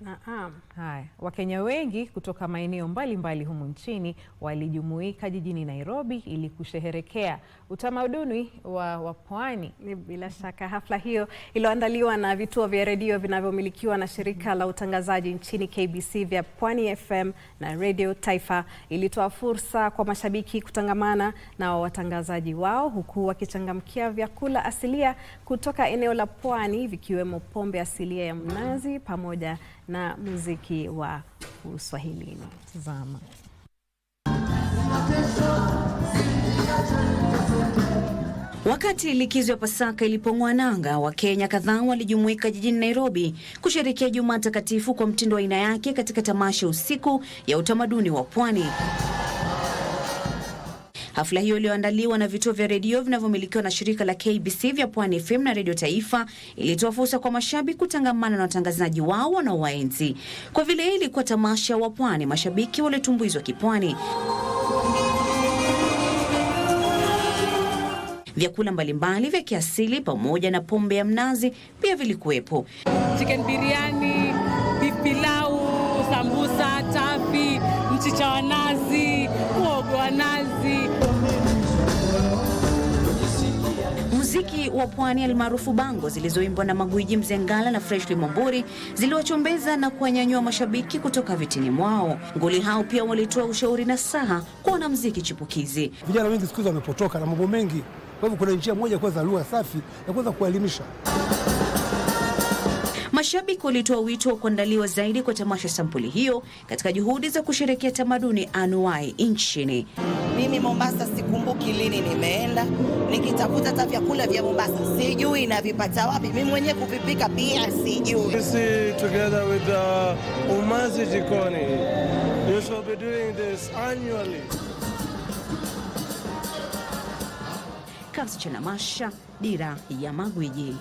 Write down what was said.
Naam. Haya, Wakenya wengi kutoka maeneo mbalimbali humu nchini walijumuika jijini Nairobi ili kusherehekea utamaduni wa wapwani. Ni Bila shaka hafla hiyo iliyoandaliwa na vituo vya redio vinavyomilikiwa na shirika la utangazaji nchini KBC vya Pwani FM na Radio Taifa ilitoa fursa kwa mashabiki kutangamana na watangazaji wao huku wakichangamkia vyakula asilia kutoka eneo la pwani vikiwemo pombe asilia ya mnazi pamoja na muziki wa Uswahilini. Tazama. Wakati likizo ya Pasaka ilipong'oa nanga, Wakenya kadhaa walijumuika jijini Nairobi kusherehekea Jumaa Takatifu kwa mtindo wa aina yake katika tamasha usiku ya utamaduni wa pwani. Hafla hiyo iliyoandaliwa na vituo vya redio vinavyomilikiwa na shirika la KBC vya Pwani FM na Radio Taifa ilitoa fursa kwa mashabiki kutangamana na watangazaji wao wanaowaenzi. Kwa vile ilikuwa tamasha wa Pwani, mashabiki waliotumbuizwa kipwani vyakula mbalimbali vya kiasili pamoja na pombe ya mnazi pia vilikuwepo. Chicken biryani nazi, nazi, wa nazi. Muziki wa pwani almaarufu bango zilizoimbwa na Magwiji Mzengala na Freshly Mwamburi ziliwachombeza na kuwanyanyua mashabiki kutoka vitini mwao. Nguli hao pia walitoa ushauri na saha kwa wanamuziki chipukizi. Vijana wengi siku hizi wamepotoka na mambo mengi, kwa hivyo kuna njia moja kuwa za lugha safi ya kuweza kuwaelimisha. Mashabiki walitoa wito wa kuandaliwa zaidi kwa tamasha sampuli hiyo katika juhudi za kusherekea tamaduni anuai nchini. Mimi Mombasa sikumbuki lini nimeenda, nikitafuta hata vyakula vya Mombasa sijui navipata wapi, mimi mwenyewe kuvipika pia sijui. is together with the uh, Umazi Jikoni, you shall be doing this annually. Kasi cha Namasha, Dira ya Magwiji.